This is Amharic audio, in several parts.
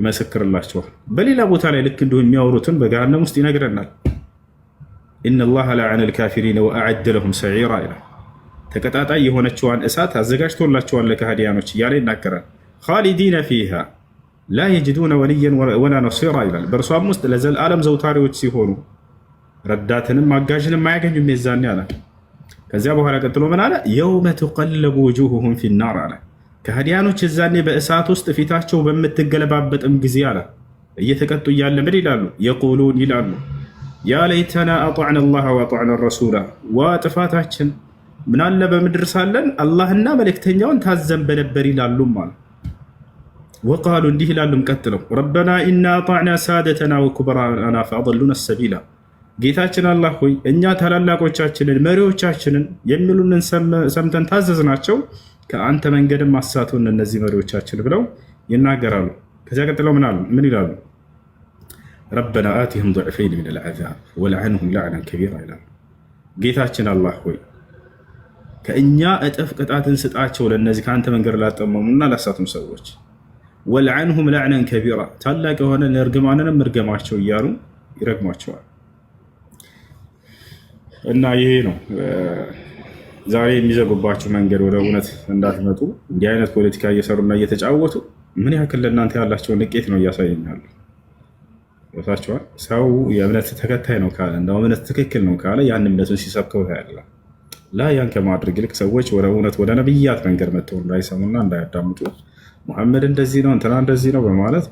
ይመሰክርላቸዋል። በሌላ ቦታ ላይ ልክ እንዲሁ የሚያወሩትን በገሃነም ውስጥ ይነግረናል። ኢነላሃ ለዐነ ልካፊሪን ወአዐደ ለሁም ሰዒራ ይላል። ተቀጣጣይ የሆነችዋን እሳት አዘጋጅቶላቸዋል ለካህዲያኖች እያለ ይናገራል። ካሊዲነ ፊሃ ላ የጅዱነ ወልየን ወላ ነሲራ ይላል። በእርሷም ውስጥ ለዘልዓለም ዘውታሪዎች ሲሆኑ ረዳትንም አጋዥንም አያገኙም። የዛኔ አለ። ከዚያ በኋላ ቀጥሎ ምን አለ? የውመ ትቀለቡ ውጁሁሁም ፊናር አለ ከሃዲያኖች እዛኔ በእሳት ውስጥ ፊታቸው በምትገለባበጥም ጊዜ አለ እየተቀጡ እያለ ምን ይላሉ? የቁሉን ይላሉ ያ ለይተና አጣዕና ላህ ወአጣዕና ረሱላ ዋ ጥፋታችን ምናለ በምድር ሳለን አላህና መልእክተኛውን ታዘን በነበር ይላሉም አሉ። ወቃሉ እንዲህ ይላሉም ቀጥለው ረበና ኢና አጣዕና ሳደተና ወኩበራና ፈአሉና ሰቢላ ጌታችን አላህ ሆይ እኛ ታላላቆቻችንን መሪዎቻችንን የሚሉንን ሰምተን ታዘዝናቸው ከአንተ መንገድም አሳቱን እነዚህ መሪዎቻችን ብለው ይናገራሉ። ከዚያ ቀጥለው ምን ይላሉ? ረበና አቲሁም ضዕፈይን ምን ልዓዛብ ወለዓንሁም ላዕናን ከቢራ ይላሉ። ጌታችን አላህ ሆይ ከእኛ እጥፍ ቅጣትን ስጣቸው ለእነዚህ ከአንተ መንገድ ላጠመሙና ላሳቱም ሰዎች፣ ወለዓንሁም ላዕናን ከቢራ ታላቅ የሆነ እርግማንንም እርገማቸው እያሉ ይረግሟቸዋል። እና ይሄ ነው ዛሬ የሚዘጉባችሁ መንገድ ወደ እውነት እንዳትመጡ እንዲህ አይነት ፖለቲካ እየሰሩና እየተጫወቱ ምን ያክል ለእናንተ ያላቸውን ንቄት ነው እያሳየኛሉ። ቦታቸዋል ሰው የእምነት ተከታይ ነው ካለ እንደ እምነት ትክክል ነው ካለ ያን እምነቱን ሲሰብከው ያለ ላ ያን ከማድረግ ይልቅ ሰዎች ወደ እውነት ወደ ነብያት መንገድ መጥተው እንዳይሰሙና እንዳያዳምጡ መሐመድ እንደዚህ ነው እንትና እንደዚህ ነው በማለት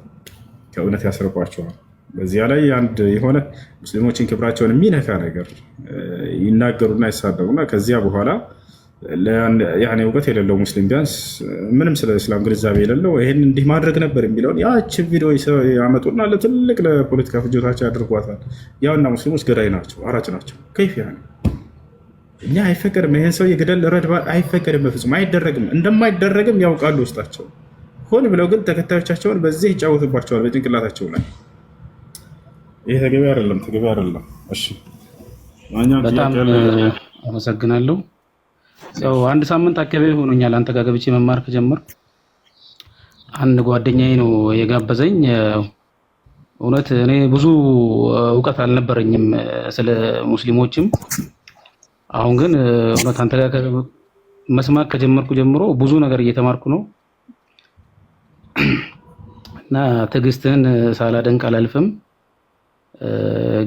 ከእውነት ያስርቋቸዋል። በዚያ ላይ አንድ የሆነ ሙስሊሞችን ክብራቸውን የሚነካ ነገር ይናገሩና ይሳደቡና ከዚያ በኋላ እውቀት የሌለው ሙስሊም ቢያንስ ምንም ስለ እስላም ግንዛቤ የሌለው ይህን እንዲህ ማድረግ ነበር የሚለውን ያች ቪዲዮ ያመጡና ለትልቅ ለፖለቲካ ፍጆታቸው ያደርጓታል። ያውና ሙስሊሞች ገዳይ ናቸው፣ አራጭ ናቸው። ከይፍ ያ እኛ አይፈቀድም፣ ይህን ሰው የገደል ረድባ አይፈቀድም፣ በፍጹም አይደረግም፣ እንደማይደረግም ያውቃሉ ውስጣቸው። ሆን ብለው ግን ተከታዮቻቸውን በዚህ ይጫወቱባቸዋል በጭንቅላታቸው ላይ ይሄ ተገቢ አይደለም፣ ተገቢ አይደለም። እሺ በጣም አመሰግናለሁ። ያው አንድ ሳምንት አካባቢ ሆኖኛል አንተ ጋር ገብቼ መማር ከጀመር አንድ ጓደኛዬ ነው የጋበዘኝ። እውነት እኔ ብዙ እውቀት አልነበረኝም ስለ ሙስሊሞችም። አሁን ግን እውነት አንተ ጋር መስማት ከጀመርኩ ጀምሮ ብዙ ነገር እየተማርኩ ነው እና ትዕግስትህን ሳላደንቅ አላልፍም።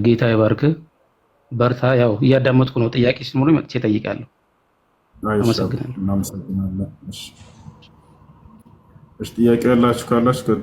ጌታ ይባርክ፣ በርታ። ያው እያዳመጥኩ ነው። ጥያቄ ሲኖር መጥቼ እጠይቃለሁ። አመሰግናለሁ። እሺ ጥያቄ ያላችሁ ካላችሁ